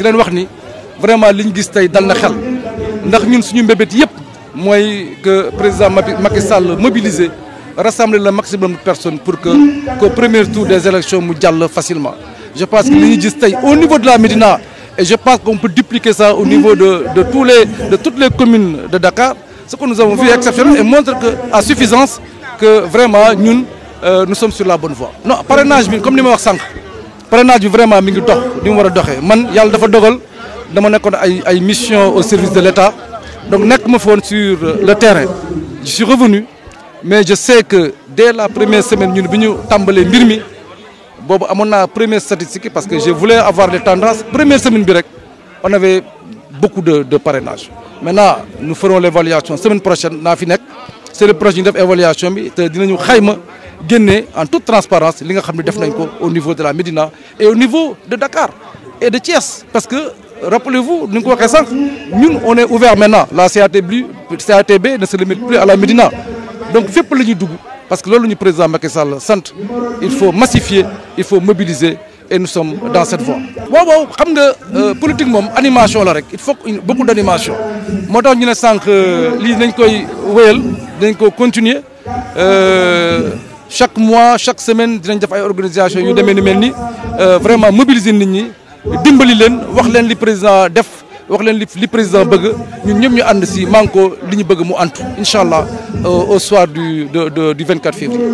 di leen wax ni vraiment li ñu gis tey dal na xel ndax ñun suñu mbébét yëpp mooy que président Macky Sall mobilisé rassembler le maximum de personnes pour que qu'au premier tour des élections mu jàll facilement. je pense que li ñu gis tey au niveau de la Médina et je pense qu'on peut dupliquer ça au niveau de de tous les de toutes les communes de Dakar ce que nous avons vu est et montre que à suffisance que vraiment ñun euh, nous sommes sur la bonne voie. non parrainage comme ni ma wax sànq. parrainage bi vraiment mi ngi dox ni mu war a doxe man yàlla dafa dogal dama nekkoon ay ay mission au service de l'État donc nekk ma foon sur euh, le terrain je suis revenu mais je sais que dès la première semaine ñun bi ñu tàmbalee mbir mi boobu amoon naa première statistique parce que je voulais avoir les tendances première semaine bi rek on avait beaucoup de de mais maintenant nu ferons l'évaluation semaine prochaine naa fi nekk c'est le projet ñu def évaluation bi te dinañu xayma génne en toute transparence li nga xam ne def nañ ko au niveau de la Médina et au niveau de Dakar et de Thiès parce que rappelez-vous ni nga ko waxee sànq ñun on est ouvert maintenant la CATB CATB ne se limite plus à la Médina donc fépp la ñuy dugg parce que loolu ñu président Macky Sall sant il faut massifier il faut mobiliser et nous sommes dans cette voie. waaw waaw xam nga euh, politique moom animation la rek il faut beaucoup d' animation moo tax ñu ne sànq euh, lii nañ koy wéyal dañ ko continuer. Euh, chaque mois chaque semaine dinañ def ay organisation yu demee ni mel ni euh, vraiment mobiliser nit ñi dimbali leen wax leen li président def wax leen li li président bëgg ñun ñëpp ñu ànd si manko li ñu bëgg mu antu incha allah euh, au soir du du du 24 février.